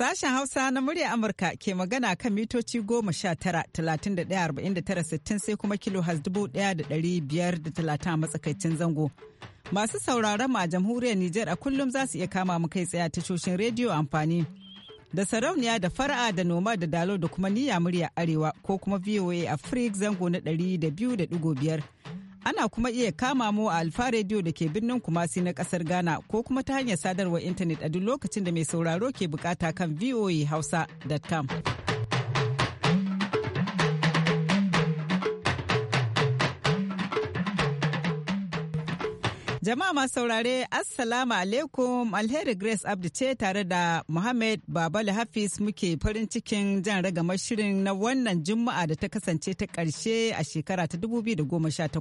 Sashen Hausa na murya Amurka ke magana kan mitoci goma sha tara talatin da ɗaya arba'in da tara sittin sai kuma kilo has dubu ɗaya da ɗari biyar da talatin a matsakaicin zango. Masu sauraron a jamhuriyar Nijar a kullum za su iya kama mu kai tsaye tashoshin rediyo amfani da sarauniya da fara'a da noma da dalo da kuma niyya murya arewa ko kuma VOA a Africa zango na ɗari da biyu da ɗigo biyar. Ana kuma iya kama mu a Alfa Radio da ke birnin Kumasi na kasar Ghana ko kuma ta hanyar sadarwar intanet a duk lokacin da mai sauraro ke bukata kan voahausa.com. Jama'a masu saurare, Assalamu alaikum Alheri Grace Abdi ce tare da Muhammad babali Hafiz muke farin cikin jan ragamar shirin na wannan Juma'a da ta kasance ta karshe a shekara ta 2018.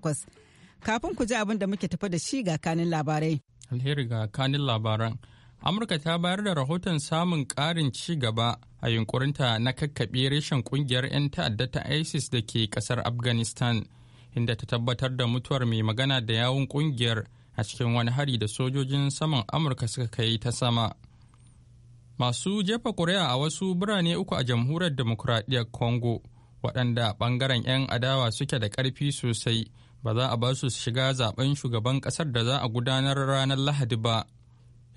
Kafin ku ji abin da muke tafi da shi ga kanin labarai. Alheri ga kanin labaran. Amurka ta bayar da rahoton samun ƙarin ci gaba a yunkurinta na kakkaɓe reshen ƙungiyar 'yan ta'adda ta ISIS da ke ƙasar Afghanistan, inda ta tabbatar da mutuwar mai magana da yawun ƙungiyar a cikin wani hari da sojojin saman amurka suka kai ta sama masu jefa ƙuri'a a wasu birane uku a jamhuriyar demokuraɗiyyar congo waɗanda ɓangaren 'yan adawa suke da ƙarfi sosai ba za a ba su shiga zaben shugaban ƙasar da za a gudanar ranar lahadi ba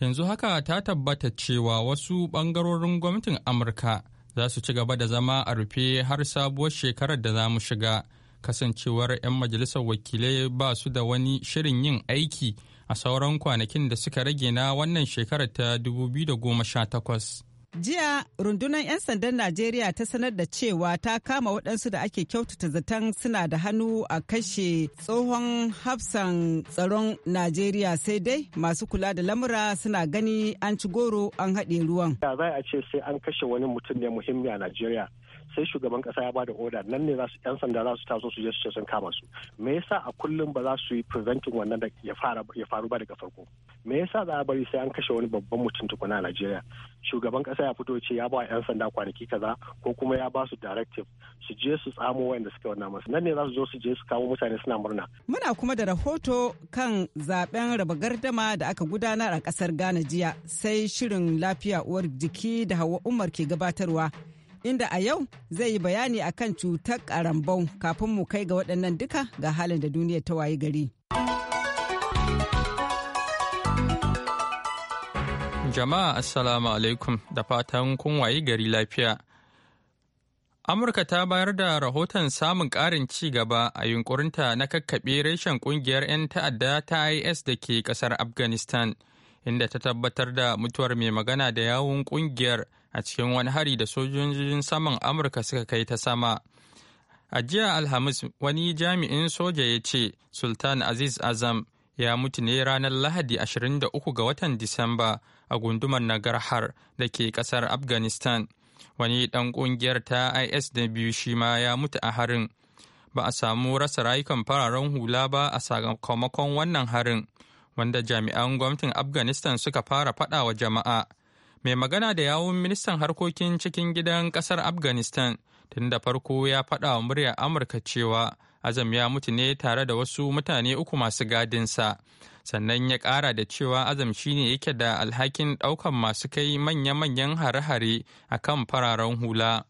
yanzu haka ta tabbata cewa wasu ɓangarorin gwamnatin amurka za su ci gaba da zama a rufe har sabuwar shekarar da za mu shiga kasancewar 'yan majalisar wakilai ba su da wani shirin yin aiki a sauran kwanakin da suka rage na wannan shekarar ta 2018. Jiya rundunar 'yan sandan Najeriya ta sanar da cewa ta kama waɗansu da ake kyautata zaton suna da hannu a kashe tsohon hafsan tsaron Najeriya sai dai masu kula da lamura suna gani an ci goro an haɗe ruwan. Da za a ce sai an kashe wani mutum ne muhimmi a Najeriya. sai shugaban kasa ya bada da oda nan ne yan sanda za su taso su je su ce sun kama su me yasa a kullum ba za su yi preventing wannan da ya faru ba daga farko me yasa za a bari sai an kashe wani babban mutum tukuna a Najeriya shugaban kasa ya fito ce ya ba yan sanda kwanaki kaza ko kuma ya ba su directive su je su tsamo wayanda suke wannan masu nan ne za su zo su je su kawo mutane suna murna muna kuma da rahoto kan zaben raba gardama da aka gudanar a kasar Ghana jiya sai shirin lafiya uwar jiki da Hauwa Umar ke gabatarwa inda a yau zai yi bayani akan cutar karambau kafin mu kai ga waɗannan duka ga halin da duniya ta wayi gari. Jama'a Assalamu alaikum da fatan kun wayi gari lafiya. Amurka ta bayar da rahoton samun ƙarin ci gaba a yunkurinta na kakkaɓe reshen ƙungiyar 'yan ta'adda ta IS da ke ƙasar Afghanistan, inda ta tabbatar da mutuwar mai magana da yawun ƙungiyar a cikin wani hari da sojojin saman amurka suka kai ta sama a jiya alhamis wani jami'in soja ya ce sultan aziz azam ya mutu ne ranar lahadi 23 ga watan disamba a gundumar nagarhar da ke kasar afghanistan wani ɗan ƙungiyar ta is da biyu shi ma ya mutu a harin ba a samu rasa rayukan fararen hula ba a sakamakon wannan harin wanda jami'an gwamnatin afghanistan suka fara fada wa jama'a mai magana da yawun ministan harkokin cikin gidan kasar afghanistan tun da farko ya faɗa wa muryar amurka cewa azam ya mutu ne tare da wasu mutane uku masu gadinsa sannan ya ƙara da cewa azam shine yake da alhakin ɗaukan masu kai manya-manyan hare-hare a kan fararen hula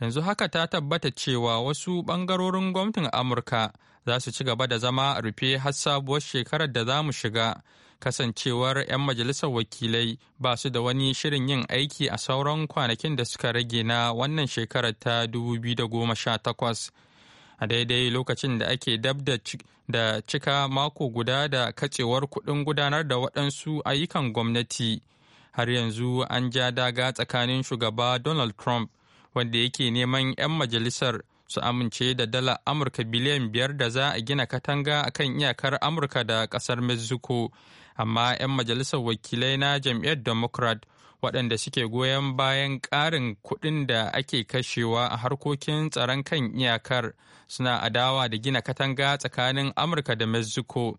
yanzu haka ta tabbata cewa wasu ɓangarorin gwamnatin amurka za su ci gaba da zama rufe har sabuwar shekarar da za mu shiga kasancewar 'yan majalisar wakilai ba su da wani shirin yin aiki a sauran kwanakin da suka rage na wannan shekarar ta 2018 a daidai lokacin da ake dab da cika mako guda da kacewar kuɗin gudanar da waɗansu ayyukan gwamnati har yanzu an ja daga tsakanin shugaba donald trump wanda yake neman 'yan majalisar su amince da dala amurka biliyan biyar da za a gina katanga a kan iyakar amurka da kasar mexico amma 'yan majalisar wakilai na jam'iyyar democrat waɗanda suke goyon bayan ƙarin kuɗin da ake kashewa a harkokin tsaron kan iyakar suna adawa da gina katanga tsakanin amurka da mexico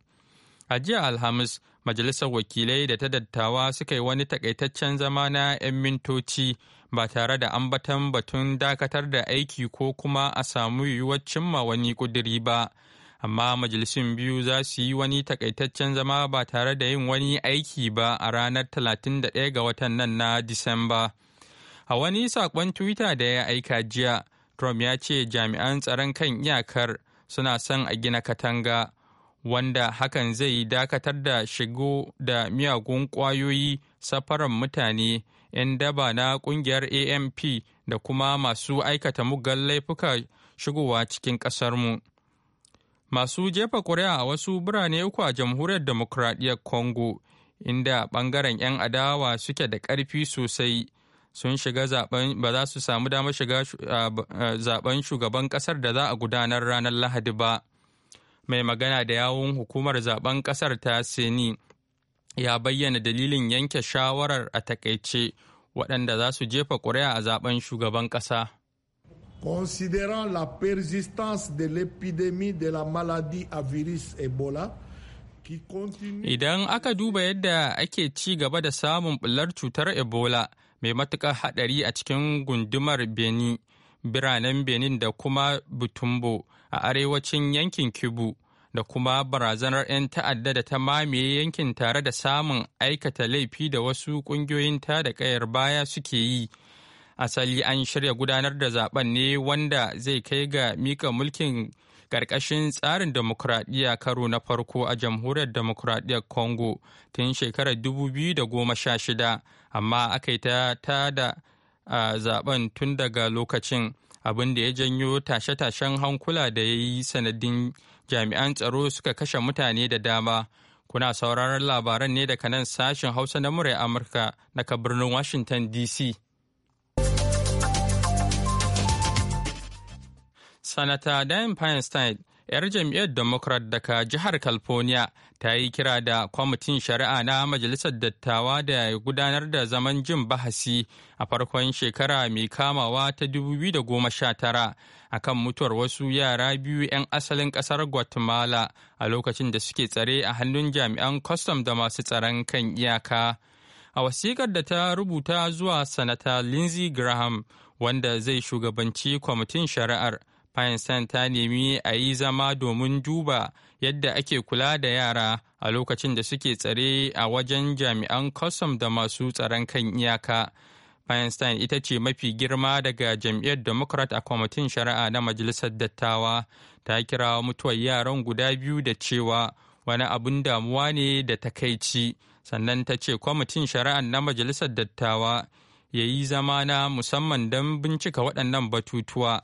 a jiya alhamis majalisar wakilai da ta dattawa suka yi wani takaitaccen zama na 'yan mintoci ba tare da ambatan batun dakatar da aiki ko kuma a samu yiwuwar cimma wani ƙudiri ba amma majalisun biyu za su yi wani takaitaccen zama ba tare da yin wani aiki ba a ranar 31 ga watan nan na Disamba. A wani saƙon Twitter da ya aika jiya, Trump ya ce jami'an tsaron kan iyakar suna son a gina katanga, wanda hakan zai dakatar da shigo da miyagun ƙwayoyi safaran mutane, 'yan daba na ƙungiyar AMP da kuma masu aikata muggan laifuka shigowa cikin ƙasarmu. mu. masu jefa kuri'a a wasu birane uku a jamhuriyar demokradiyyar congo inda ɓangaren 'yan adawa suke da ƙarfi sosai sun shiga zaben ba za su samu damar shiga zaben shugaban kasar da za a gudanar ranar lahadi ba mai magana da yawun hukumar zaben kasar ta seni ya bayyana dalilin yanke shawarar a takaice waɗanda za su jefa ƙuri'a a zaben shugaban ƙasa. Considérant la persistance de l'épidémie de la maladie à virus Ebola, Idan aka duba yadda ake ci gaba da samun bular cutar Ebola mai matuƙar haɗari a cikin gundumar Benin, biranen Benin da kuma Butumbo a arewacin yankin Kibu da kuma barazanar 'yan ta'adda da ta mamaye yankin tare da samun aikata laifi da wasu ƙungiyoyin ta da ƙayar baya suke yi. asali an shirya gudanar da zaben ne wanda zai kai ga mika mulkin ƙarƙashin tsarin demokuraɗiyya karo na farko a jamhuriyar demokuraɗiyyar congo tun shekarar 2016 amma aka yi ta da zaben tun daga lokacin abin da ya janyo tashe-tashen hankula da ya yi sanadin jami'an tsaro suka kashe mutane da dama kuna sauraron labaran ne daga nan sashen hausa na murai amurka daga birnin washington dc Sanata Dianne Feinstein, 'yar jam'iyyar Democrat daga jihar California, ta yi kira da kwamitin shari'a na Majalisar Dattawa da ya gudanar da zaman jin bahasi a farkon shekara mai kamawa ta 2019 akan mutuwar wasu yara biyu 'yan asalin kasar Guatemala a lokacin da suke tsare a hannun jami'an kwastam da masu tsaron kan iyaka. a wasikar da ta rubuta zuwa sanata lindsey graham wanda zai shugabanci kwamitin shari'ar Feinstein ta nemi a yi zama domin duba yadda ake kula da yara a lokacin da suke tsare a wajen jami'an kwasam da masu tsaron kan iyaka. Feinstein ita ce mafi girma daga jam'iyyar Democrat a kwamitin shari'a na Majalisar Dattawa ta kira mutuwar yaran guda biyu da cewa wani abun damuwa ne da takaici sannan ta ce kwamitin shari'a na Majalisar Dattawa ya yi zama na musamman don bincika waɗannan batutuwa.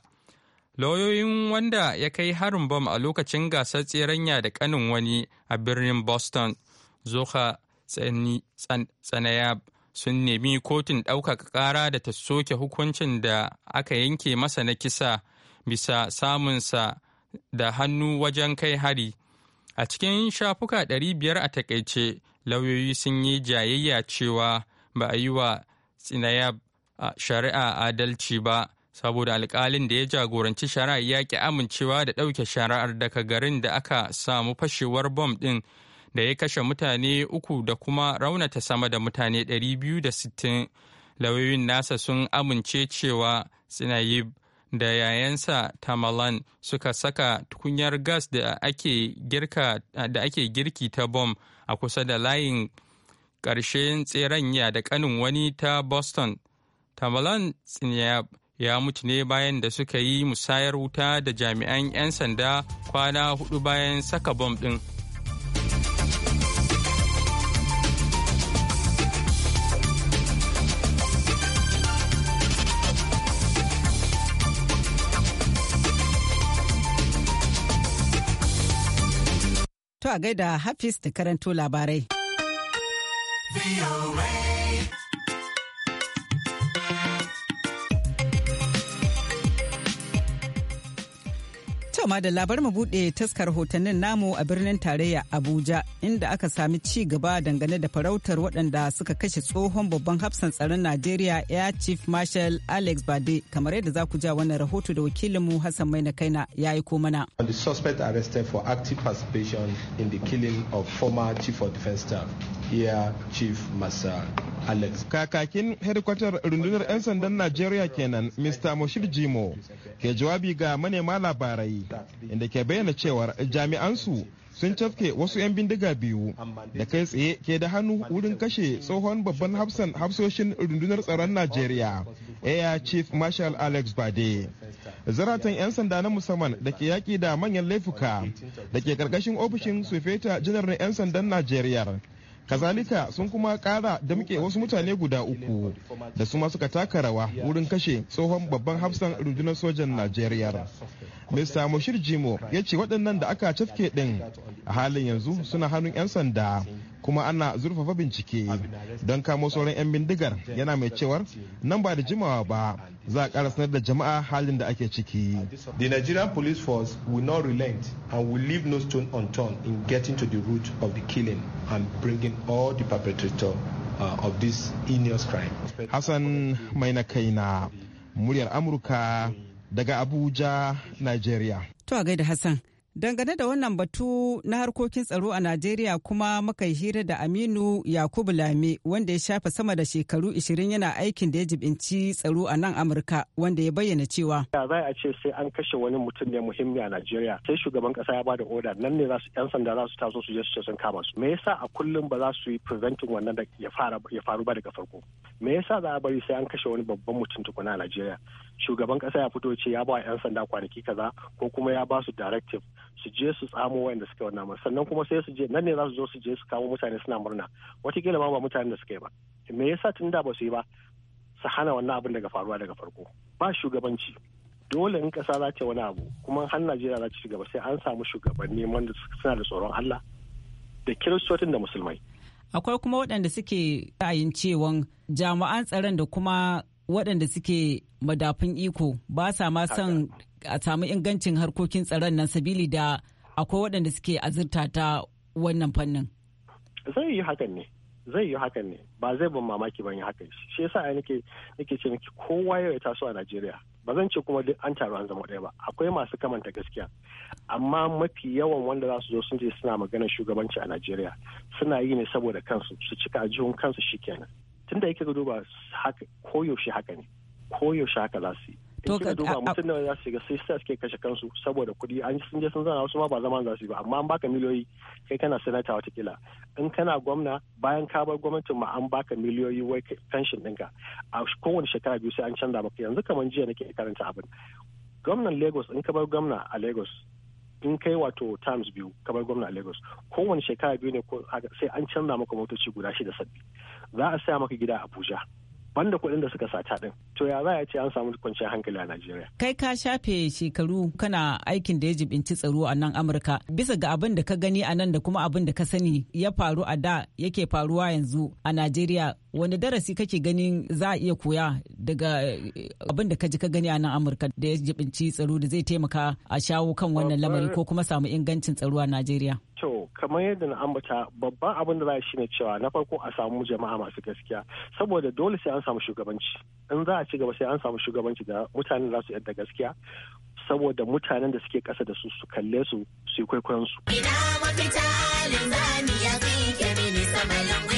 lauyoyin wanda ya kai harin bom a lokacin gasar tseranya da kanin wani a birnin boston zoka tsanayab sun nemi kotun ɗaukaka ƙara da ta soke hukuncin da aka yanke masa na kisa bisa samunsa da hannu wajen kai hari a cikin shafuka 500 a takaice lauyoyi sun yi jayayya cewa ba a yi wa tsinayab shari'a adalci ba saboda alkalin da ya jagoranci shari'ar ya ki amincewa da ɗauke shari'ar daga garin da aka samu fashewar bom ɗin da ya kashe mutane uku da kuma raunata sama da mutane 260 lauyoyin nasa sun amince cewa sinayib da yayansa tamalan suka saka tukunyar gas da ake girki ta bom a kusa da layin ƙarshen tseren ya da ƙanin wani ta boston tamalan tsinyab ya mutu ne bayan da suka yi musayar wuta da jami'an 'yan sanda kwana hudu bayan saka bom ɗin. To a gaida Hafiz da karanto labarai. To da labar mu bude taskar hotonnin namu a birnin tarayya Abuja inda aka sami ci gaba dangane da farautar waɗanda suka kashe tsohon babban hafsan tsaron Najeriya Air Chief Marshal Alex Bade kamar yadda za ku ja wannan rahoto da wakilinmu Hassan Maina Kaina ya yi ko mana. On the suspect arrested for active participation in the killing of former Chief of Defense Staff chief masa alex kakakin headquarter rundunar 'yan sandan najeriya kenan mr moshir jimo ke jawabi ga manema labarai inda ke bayyana cewar jami'ansu sun cafke wasu 'yan bindiga biyu da kai tsaye ke da hannu wurin kashe tsohon babban hafsan hafsoshin rundunar tsaron najeriya air chief marshal alex bade zaratan 'yan sanda na musamman da ke yaƙi da manyan laifuka da ke ƙarƙashin ofishin sufeta janar na 'yan sandan najeriya kazalika sun kuma kara damke wasu mutane guda uku da su ma suka taka rawa wurin kashe tsohon babban hafsan rundunar sojan najeriya mr moshir jimo ya ce waɗannan da aka cafke ɗin a halin yanzu suna hannun 'yan sanda kuma ana zurfafa bincike don kamo sauran 'yan bindigar yana mai cewar nan ba da jimawa ba za a ƙara sanar da jama'a halin da ake ciki. The Nigerian police force will not relent and will leave no stone unturned in getting to the root of the killing and bringing all the perpetrator uh, of this heinous crime. Hassan mai na kaina muryar Amurka daga Abuja, Nigeria. To a gaida Hassan. Dangane da wannan batu na harkokin tsaro a Najeriya kuma muka yi hira da Aminu Yakubu Lame wanda ya shafa sama da shekaru 20 yana aikin da ya jibinci tsaro a nan Amurka wanda ya bayyana cewa. Ya za a ce sai an kashe wani mutum ne muhimmi a Najeriya sai shugaban kasa ya bada oda nan ne yan sanda za su taso su je su ce sun kama su. Me yasa a kullum ba za su yi preventing wannan da ya faru ba daga farko. me yasa za a bari sai an kashe wani babban mutum tukuna a Najeriya shugaban kasa ya fito ce ya ba yan sanda kwanaki kaza ko kuma ya ba su directive su je su tsamo wayanda suka wannan sannan kuma sai su je nan ne za su zo su je su kawo mutane suna murna watakila ma ba mutanen da suka yi ba me yasa tun da ba su yi ba su hana wannan abin daga faruwa daga farko ba shugabanci dole in kasa za ta wani abu kuma har Najeriya za ta ci gaba sai an samu shugabanni wanda suna da tsoron Allah da kiristocin da musulmai akwai kuma waɗanda suke ra'ayin cewan jami'an tsaron da kuma waɗanda suke madafin iko ba sa ma son a samu ingancin harkokin tsaron nan sabili da akwai waɗanda suke azurta ta wannan fannin. zai yi hakan ne zai yi hakan ne ba zai ban mamaki ban yi hakan shi yasa nake nake ce miki kowa ya taso a Najeriya ba zan ce kuma duk an taru an zama ɗaya ba akwai masu kamanta gaskiya amma mafi yawan wanda za su zo sun je suna magana shugabanci a najeriya suna yi ne saboda kansu su cika ajihun kansu shikenan tunda yake ga duba koyaushe haka ne koyaushe haka za su yi to ka duba mutum nawa ya shiga sai sai suke kashe kansu saboda kuɗi an sun je sun zana wasu ma ba zaman za su yi ba amma an baka miliyoyi kai kana sanata watakila in kana gwamna bayan ka bar gwamnatin ma an baka miliyoyi wai pension ɗinka a kowane shekara biyu sai an canza maka yanzu kamar jiya nake karanta abin gwamnan lagos in ka bar gwamna a lagos in kai wato times biyu ka bar gwamna a lagos kowane shekara biyu ne sai an canza maka motoci guda shida sabbi za a saya maka gida a abuja banda kuɗin da suka sata din to ya za a ce an samu kwanciyar hankali a najeriya kai ka shafe shekaru kana aikin da ya jibinci tsaro a nan amurka bisa ga abin da ka gani a nan da kuma abin da ka sani ya faru a da yake faruwa yanzu a najeriya wani darasi kake ganin za a iya koya daga eh, abin da ka ji ka gani a nan amurka da ya jibinci tsaro da zai taimaka a shawo kan wannan lamari ko kuma samu ingancin tsaro a najeriya to kamar yadda na ambata babban abin da za a shi ne cewa na farko a samu jama'a masu gaskiya saboda dole sai an samu shugabanci in za a ci gaba sai an samu shugabanci da mutanen za su yadda gaskiya saboda mutanen da suke kasa da su su kalle su su yi kwaikwayon su. Ina mafita linzami ya fi kemini sama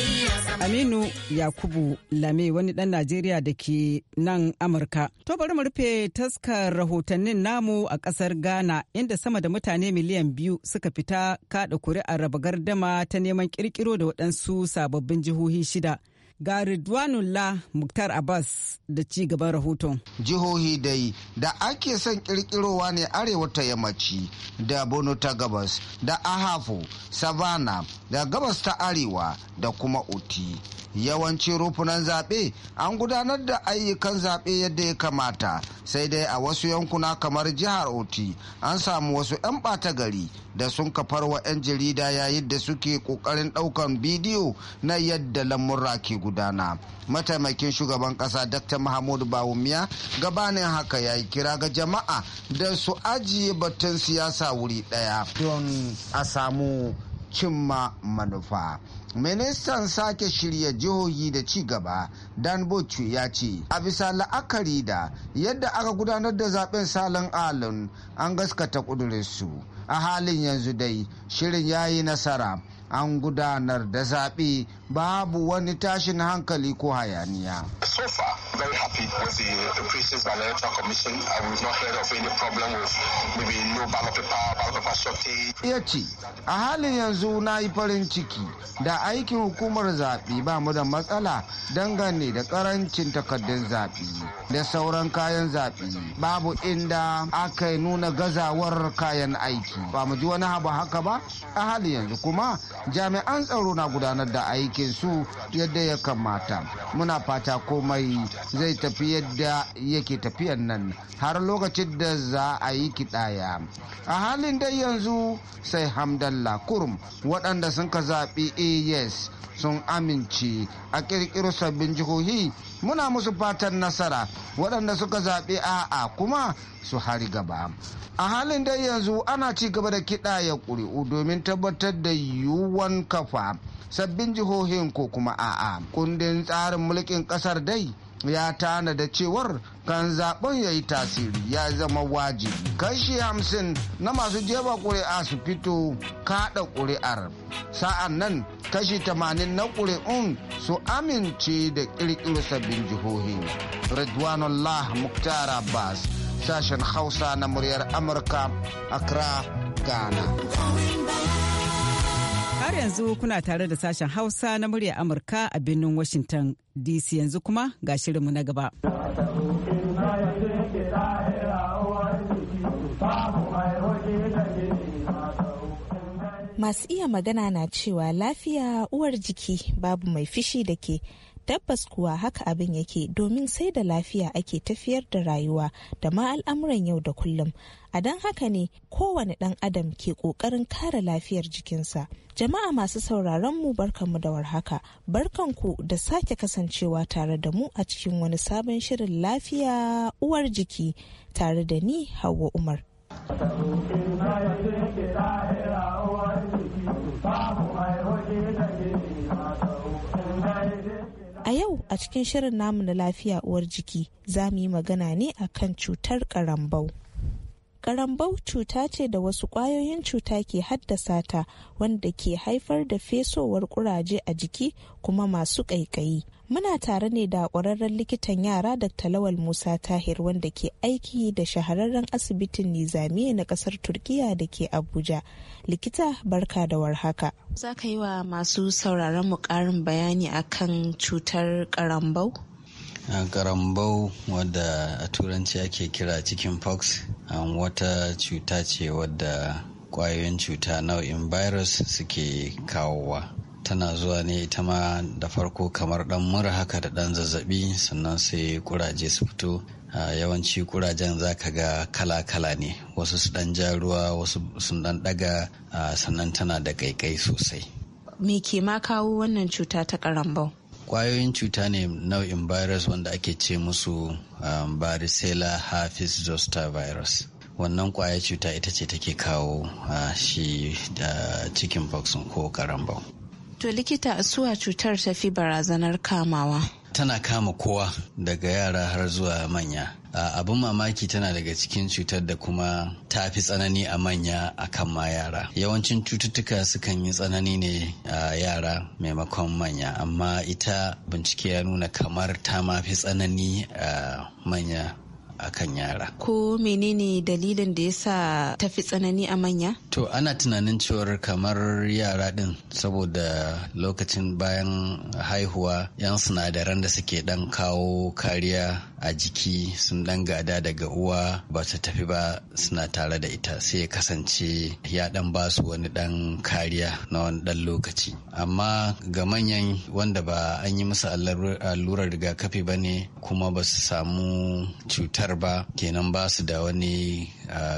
Aminu Yakubu Lame wani ɗan Najeriya da ke nan Amurka. To bari mu rufe taskar rahotannin namu a ƙasar Ghana inda sama da mutane miliyan biyu suka fita kaɗa kuri'ar raba gardama ta neman ƙirƙiro da waɗansu sababbin jihohi shida. ga Ridwanullah Muktar Abbas da ci gaban rahoton. Jihohi dai da ake son kirkirowa ne arewa ta yammaci da Bono ta gabas da Ahafo, Savannah da gabas ta arewa da kuma Oti. yawanci rufunan zaɓe an gudanar da ayyukan zaɓe yadda ya kamata sai dai a wasu yankuna kamar jihar oti an samu wasu 'yan ɓata gari da sun kafar wa 'yan jarida yayin da suke ƙoƙarin ɗaukan bidiyo na yadda lamurra ke gudana mataimakin shugaban ƙasa dr mahmud bawumiya gabanin haka ya yi kira ga jama'a da su ajiye batun siyasa wuri ɗaya don a samu cimma manufa ministan sake shirya jihohi da ci gaba dan bochu ya ce a bisa la'akari da yadda aka gudanar da zaben salon alun an gaskata kudurinsu a halin yanzu dai shirin ya yi nasara an gudanar da zaɓe babu wani tashin hankali ko hayaniya. Ya ce, a halin yanzu na yi farin ciki da aikin hukumar zaɓe ba mu da matsala dangane da ƙarancin takardun zaɓe da sauran kayan zaɓe babu inda aka nuna gazawar kayan aiki. Ba mu ji wani abu haka ba, a halin yanzu kuma jami'an tsaro na gudanar da aikin su yadda ya kamata muna fata komai zai tafi yadda yake tafiyan nan har lokacin da za a yi kiɗaya a halin dai yanzu sai hamdallah kurum waɗanda sun ka zaɓi as sun amince a kirkiro sabbin jihohi muna musu fatan nasara waɗanda suka zaɓi a'a kuma su hari gaba a halin dai yanzu ana ci gaba da kiɗa ya ƙuri'u domin tabbatar da yiwuwan kafa sabbin jihohin ko kuma a'a kundin tsarin mulkin ƙasar dai ya tana da cewar kan zaɓin ya yi tasiri ya zama wajibi kashi hamsin na masu jefa ƙuri'a su fito kaɗa ƙuri'ar sa'an nan kashi 80 na ƙuri'un su amince da ƙirƙiro sabbin jihohi. Ridwanullah Muktar Abbas, sashen Hausa na muryar Amurka, Accra, Ghana. Har yanzu kuna tare da sashen Hausa na muryar Amurka a birnin Washington DC yanzu kuma ga shirinmu na gaba. masu iya magana na cewa lafiya uwar jiki babu mai fishi da ke tabbas kuwa haka abin yake domin sai da lafiya ake tafiyar da rayuwa da ma al'amuran yau da kullum a don haka ne kowane ɗan adam ke ƙoƙarin kare lafiyar jikinsa jama'a masu sauraron mu barkanmu da warhaka barkanku da sake kasancewa tare da mu a cikin wani sabon shirin lafiya uwar jiki tare da ni hawa umar a cikin shirin namu na lafiya uwar jiki za mu yi magana ne akan cutar karambau. Karambau cuta ce da wasu ƙwayoyin cuta ke haddasa ta wanda ke haifar da fesowar ƙuraje a jiki kuma masu ƙaiƙayi. muna tare ne da ƙwararren likitan yara da talawal musa tahir wanda ke aiki da shahararren asibitin nizamiya na ƙasar turkiya da ke abuja likita barka da warhaka za ka yi wa masu sauraron mu ƙarin bayani akan cutar karambau karambau wadda a turanci ake kira cikin fox um, wata cuta ce wadda kwayoyin cuta nau'in virus suke kawowa tana zuwa ne ita ma da farko kamar dan mura haka da dan zazzabi sannan sai kuraje su fito yawanci kurajen za ka ga kala-kala ne wasu su dan ja wasu sun dan daga sannan tana da kaikai sosai me ke ma kawo wannan cuta ta karambau kwayoyin cuta ne nau'in virus wanda ake ce musu varicella hafiz zoster virus wannan kwaya cuta ita ce take kawo shi da cikin chicken ko karambau To likita suwa cutar ta fi barazanar kamawa. Tana kama kowa daga yara har zuwa manya. abin mamaki tana daga cikin cutar da kuma ta fi tsanani a manya a kan ma yara yawancin cututtuka sukan yi tsanani ne a yara maimakon manya amma ita bincike ya nuna kamar ta ma fi tsanani a manya a kan yara. Ko menene dalilin da ya sa tafi tsanani a manya? To ana tunanin cewar kamar yara din saboda lokacin bayan haihuwa yan sinadaran da suke ɗan kawo kariya a jiki sun dan gada daga uwa ba su tafi ba suna tare da ita sai ya kasance ya dan ba su wani dan kariya na wani dan lokaci. Amma ga manyan wanda ba an yi musu allurar rigakafi ba ne kuma ba su samu cuta cutar ba kenan ba su da wani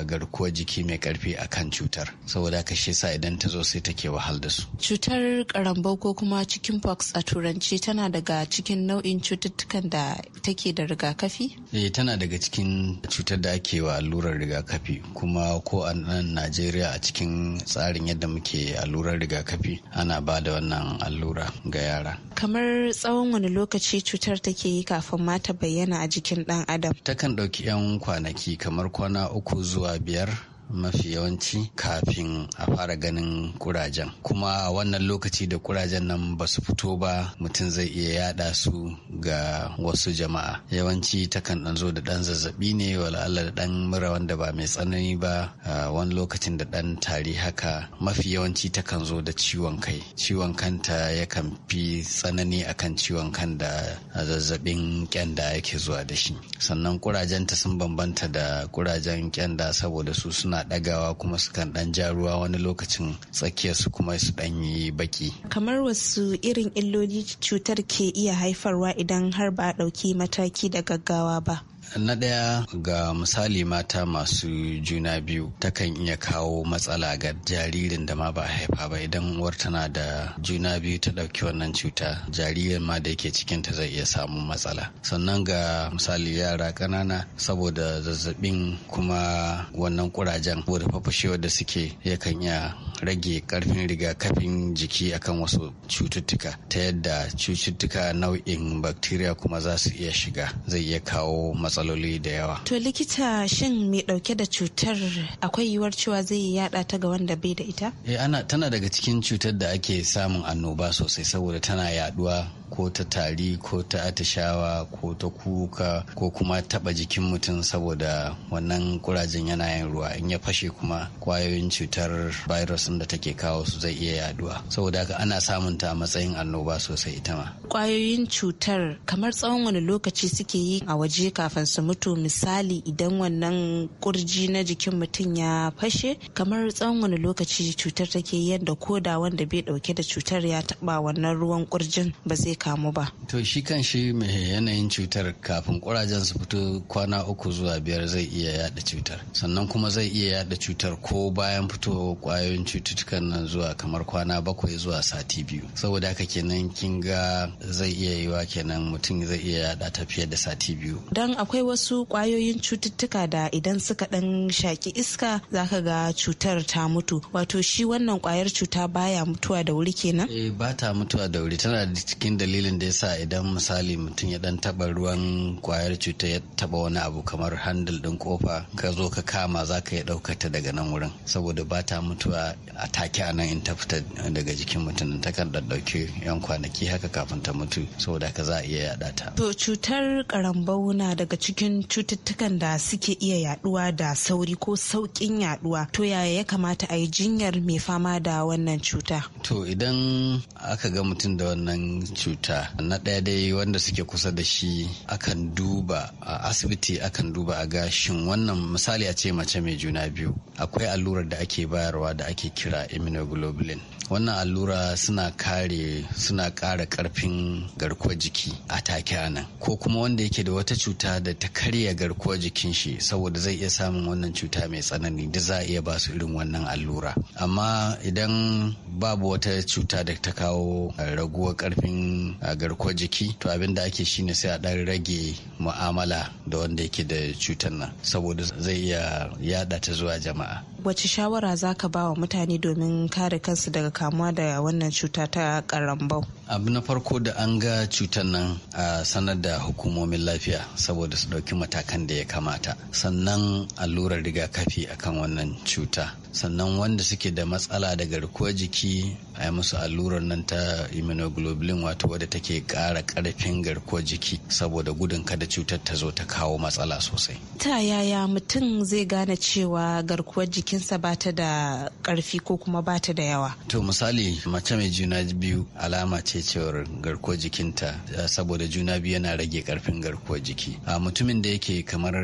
garkuwar jiki mai karfi kan cutar saboda haka shi sa idan ta zo sai take wahal da su cutar karambau ko kuma chicken pox a turanci tana daga cikin nau'in cututtukan da take da rigakafi eh tana daga cikin cutar da ake wa allurar rigakafi kuma ko a nan Najeriya a cikin tsarin yadda muke allurar rigakafi ana ba da wannan allura ga yara kamar tsawon wani lokaci cutar take yi kafin ma ta bayyana a jikin dan adam takan ɗauki 'yan kwanaki kamar kwana uku o biyar mafi yawanci kafin a fara ganin kurajen kuma wannan lokaci da kurajen nan ba su fito ba mutum zai iya yada su ga wasu jama'a yawanci takan dan zo da dan zazzabi ne Allah da dan mura wanda ba mai tsanani ba wani lokacin da dan tari haka mafi yawanci takan zo da ciwon kai ciwon kanta yakan fi tsanani akan ciwon kan da zazzabin kyanda yake zuwa da shi sannan kurajenta sun bambanta da kurajen kyanda saboda su suna suna ɗagawa kuma sukan ɗan ruwa wani lokacin tsakiyarsu kuma su ɗan yi baki. Kamar wasu irin illoli cutar ke iya haifarwa idan har ba a ɗauki mataki da gaggawa ba. na ɗaya ga misali mata masu juna biyu takan iya kawo matsala ga jaririn da ma ba a haifa ba idan uwar tana da juna biyu ta ɗauki wannan cuta jaririn ma da yake cikinta zai iya samun matsala sannan ga misali yara ƙanana saboda zazzabin kuma wannan kurajen saboda fafashewar da suke yakan iya rage karfin rigakafin jiki akan wasu cututtuka ta yadda cututtuka nau'in bakteriya kuma za su iya shiga zai iya kawo matsaloli da yawa to likita shin mai dauke da cutar akwai yiwuwar cewa zai yada ta ga wanda bai da ita eh ana tana daga cikin cutar da ake samun annoba sosai saboda tana yaduwa ko ta tari ko ta atishawa ko ta kuka ko kuma taba jikin mutum saboda wannan kurajen yana yin ruwa in ya fashe kuma kwayoyin cutar virus da take kawo su zai iya yaduwa saboda haka ana samun ta matsayin annoba sosai ita ma kwayoyin cutar kamar tsawon wani lokaci suke yi a waje kafin su mutu misali idan wannan kurji na jikin mutum ya fashe kamar tsawon wani lokaci cutar take yadda koda wanda bai dauke da cutar ya taba wannan ruwan kurjin ba zai kamu ba. To shi kan shi mai yanayin cutar kafin kurajen su fito kwana uku zuwa biyar zai iya yada cutar. Sannan kuma zai iya yada cutar ko bayan fito kwayoyin cututtukan nan zuwa kamar kwana bakwai zuwa sati biyu. Saboda haka kenan kin ga zai iya yiwa kenan mutum zai iya yada ta fiye da sati biyu. Dan akwai wasu kwayoyin cututtuka da idan suka dan shaki iska zaka ga cutar ta mutu. Wato shi wannan kwayar cuta baya mutuwa da wuri kenan? Eh ba ta mutuwa da wuri tana cikin da dalilin da ya sa idan misali mutum ya dan taba ruwan kwayar cuta ya taba wani abu kamar handle din kofa ka zo ka kama za ka iya daga nan wurin saboda ba ta mutuwa a take a nan in ta fita daga jikin mutum ta kan ɗauke yan kwanaki haka kafin ta mutu saboda ka za a iya yaɗa ta. To cutar karambau na daga cikin cututtukan da suke iya yaɗuwa da sauri ko sauƙin yaɗuwa to yaya ya kamata a yi jinyar mai fama da wannan cuta? To idan aka ga mutum da wannan cuta cuta na ɗaya dai wanda suke kusa da shi akan duba a asibiti akan duba a gashin wannan misali a ce mace mai juna biyu akwai allurar da ake bayarwa da ake kira immunoglobulin wannan allura suna kare suna ƙara ƙarfin garkuwar jiki a take nan ko kuma wanda yake da wata cuta da ta karya garkuwar jikin shi saboda zai iya samun wannan cuta mai tsanani da za a iya ba su irin wannan allura amma idan babu wata cuta da ta kawo raguwar ƙarfin ciwon garkuwar jiki to abin da ake shine sai a ɗan rage mu'amala da wanda yake da cutar nan saboda zai iya yada ta zuwa jama'a wace shawara za ka ba wa mutane domin kare kansu daga kamuwa da wannan cuta ta karambau abu na farko da an ga cutar nan a sanar da hukumomin lafiya saboda su ɗauki matakan da ya kamata sannan allurar rigakafi akan wannan cuta sannan wanda suke da matsala da garkuwar jiki a yi musu allurar nan ta immunoglobulin wato wadda take ƙara ƙarfin garkuwar jiki saboda gudun kada cutar ta zo ta kawo matsala sosai ta yaya mutum zai gane cewa garkuwar jikin jikinsa ba ta da karfi ko kuma ba ta da yawa. To misali mace mai juna biyu alama ce cewar garkuwar jikinta eh, saboda juna biyu yana rage karfin garkuwar jiki. A mutumin da yake kamar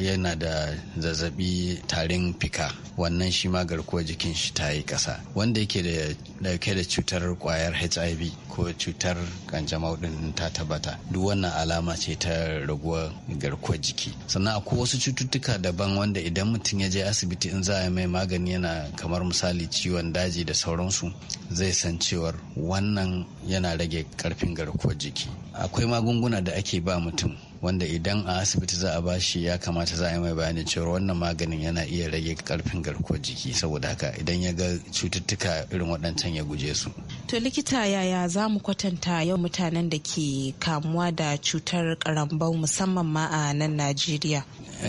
yana da zazzabi tarin fika wannan shi ma garkuwar jikin shi ta yi ƙasa. Wanda yake da dauke da cutar kwayar HIV ko cutar kanjamau din ta tabbata duk wannan alama ce ta raguwar garkuwar jiki. Sannan akwai wasu cututtuka daban wanda idan mutum ya je asibiti in za za mai magani yana kamar misali ciwon daji da sauransu zai san cewar wannan yana rage karfin garkuwar jiki akwai magunguna da ake ba mutum wanda idan a asibiti za a bashi ya kamata za a yi mai bayanin cewar wannan maganin yana iya rage karfin garkuwar jiki saboda haka idan ya ga cututtuka irin waɗancan ya guje su To likita yaya za mu kwatanta yau mutanen da ke kamuwa da cutar karambau musamman ma a nan Najeriya?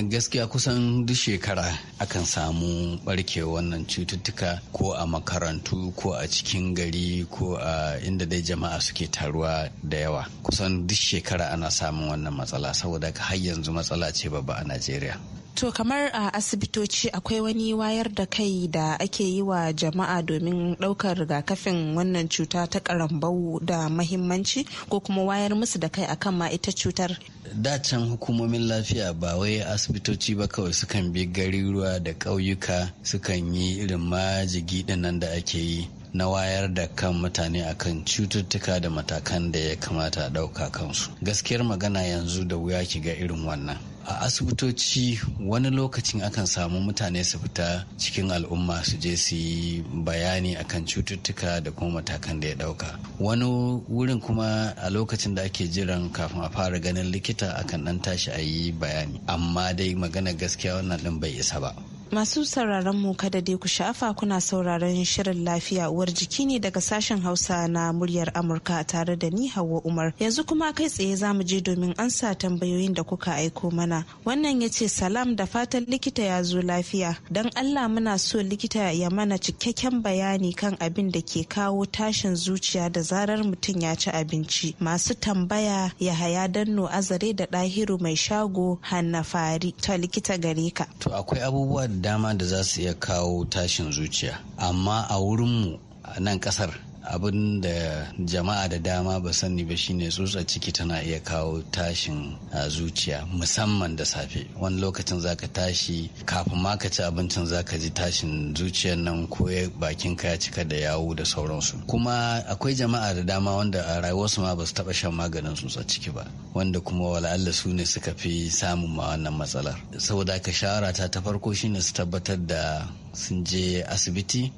Gaskiya kusan duk shekara akan samu barke wannan cututtuka ko a makarantu ko a cikin gari ko a inda dai jama'a suke taruwa da yawa. Kusan duk shekara ana samun wannan matsala saboda har yanzu matsala ce babba a Najeriya. To kamar a asibitoci akwai wani wayar da kai da ake yi wa jama'a domin ɗaukar rigakafin wannan cuta ta karambau da mahimmanci ko kuma wayar musu da kai akan ma ita cutar. Dacen hukumomin lafiya ba wai asibitoci ba kawai sukan bi garuruwa da ƙauyuka sukan yi irin majigi nan da ake yi. na wayar da kan mutane akan cututtuka da matakan da ya kamata a ɗauka kansu gaskiyar magana yanzu da wuya ki ga irin wannan a asibitoci wani lokacin akan samu mutane su fita cikin al'umma su je su yi bayani akan cututtuka da kuma matakan da ya dauka wani wurin kuma a lokacin da ake jiran kafin a fara ganin likita akan dan tashi a yi bayani amma dai magana gaskiya wannan din bai isa ba Masu sauraron mu kada dai ku shafa kuna sauraron shirin lafiya uwar jiki ne daga sashen Hausa na muryar Amurka tare da ni Hauwa Umar. Yanzu kuma kai tsaye za mu je domin ansa tambayoyin da kuka aiko mana. Wannan ya ce salam da fatan likita ya zo lafiya. Don Allah muna so likita ya mana cikakken bayani kan abin da ke kawo tashin zuciya da zarar mutum ya ci abinci. Masu tambaya Yahaya Danno Azare da Ɗahiru mai shago Hanna Fari. Ta likita gare ka. To akwai abubuwan dama da za su iya kawo tashin zuciya amma a wurinmu nan kasar abin da jama'a da dama ba sani ba shine tsutsa ciki tana iya kawo tashin zuciya musamman da safe wani lokacin zaka tashi kafin ma ka ci abincin zaka ji tashin zuciyar nan ko bakin ka ya cika da yawu da sauransu kuma akwai jama'a da dama wanda a rayuwarsu ma ba su taba shan maganin tsutsa ciki ba wanda kuma wala'alla su ne suka fi samun ma wannan matsalar saboda ka shawara ta ta farko shine su tabbatar da sun je asibiti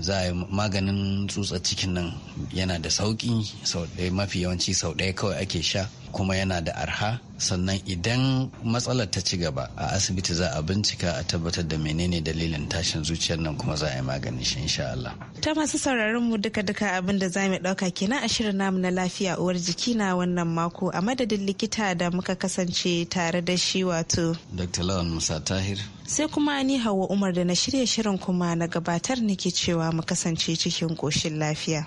za a yi maganin tsutsa cikin nan yana da sauƙi sau ɗaya mafi yawanci sau ɗaya kawai ake sha kuma yana da arha sannan idan matsalar ta ci gaba a asibiti za a bincika a tabbatar da menene dalilin tashin zuciyar nan kuma za a yi maganin shi insha Allah. Ta masu sauraron mu duka duka abin da za mu dauka kenan a shirin namu na lafiya uwar jiki na wannan mako a madadin likita da muka kasance tare da shi wato. Dr. Lawan Musa Tahir. Sai kuma ni Hauwa Umar da na shirya shirin kuma na gabatar nake cewa mu kasance cikin koshin lafiya.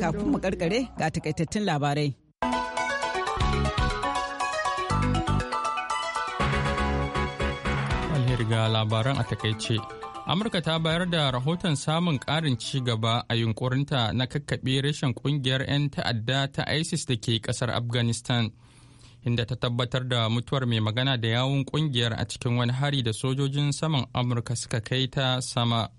Kafin mu karkare ga takaitattun labarai. Alheri ga labaran a takaice. Amurka ta bayar da rahoton samun ƙarin ci gaba a yunkurinta na kakkaɓe rashen ƙungiyar 'yan ta'adda ta ISIS da ke ƙasar Afghanistan, inda ta tabbatar da mutuwar mai magana da yawun ƙungiyar a cikin wani hari da sojojin saman Amurka suka kai ta sama.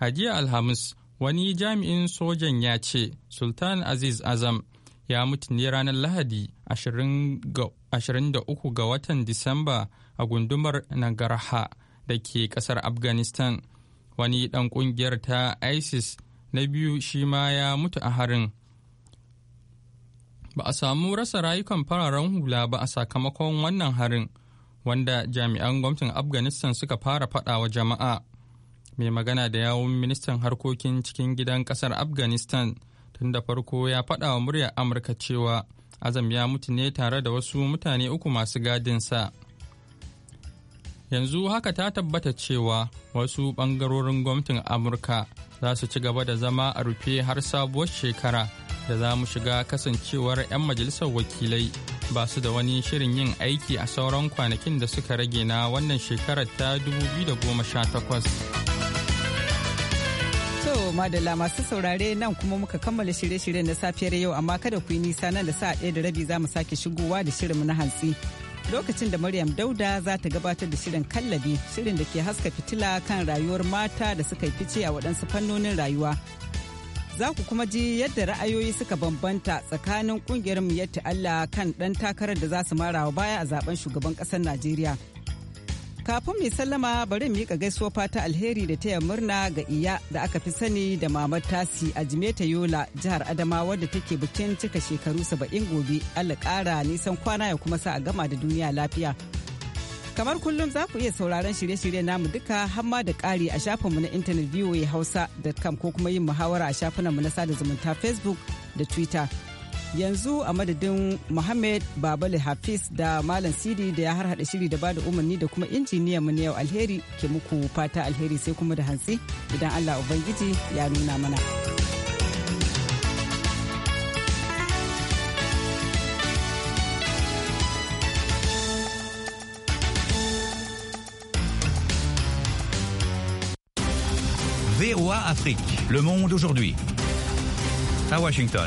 a jiya alhamis wani jami'in sojan ya ce sultan aziz azam ya mutu ne ranar lahadi 23 ga watan disamba a gundumar nagarha da ke kasar afghanistan wani dan kungiyar ta isis na biyu shi ma ya mutu a harin ba a samu rasa rayukan fararen hula ba a sakamakon wannan harin wanda jami'an gwamnatin afghanistan suka fara fada wa jama'a mai magana da yawun ministan harkokin cikin gidan kasar afghanistan tun da farko ya faɗa wa muryar amurka cewa azam ya mutu ne tare da wasu mutane uku masu gadinsa yanzu haka ta tabbata cewa wasu ɓangarorin gwamnatin amurka za su ci gaba da zama a rufe har sabuwar shekara da za mu shiga kasancewar 'yan majalisar wakilai ba su da wani shirin yin aiki a sauran kwanakin da suka rage na wannan shekarar ta 2018 da madalla masu saurare nan kuma muka kammala shirye-shiryen na safiyar yau amma kada ku yi nisa nan da sa ɗaya da rabi za mu sake shigowa da shirinmu na hantsi. Lokacin da Maryam Dauda za ta gabatar da shirin kallabi shirin da ke haska fitila kan rayuwar mata da suka yi fice a waɗansu fannonin rayuwa. Za ku kuma ji yadda ra'ayoyi suka bambanta tsakanin ƙungiyar mu yadda Allah kan ɗan takarar da za su marawa baya a zaben shugaban ƙasar Najeriya. Kafin mai sallama bari mika gaisuwa fata alheri da taya murna ga iya da aka fi sani da mamar tasi a Jimeta Yola jihar adama wadda take bikin cika shekaru saba'in gobe Allah ƙara nisan kwana ya kuma sa a gama da duniya lafiya. Kamar kullum za ku iya sauraron shirye-shirye namu duka hamma da kari a shafinmu na intanet hausa.com ko kuma yin muhawara a shafinanmu na sada zumunta Facebook da Twitter. yanzu a madadin Muhammad babali Hafiz da Malam Sidi da ya harhaɗa shiri da bada umarni da kuma injiniya mu yau alheri ke muku fata alheri sai kuma da hantsi idan Allah Ubangiji ya nuna mana. VOA Afrique, le monde aujourd'hui. À Washington.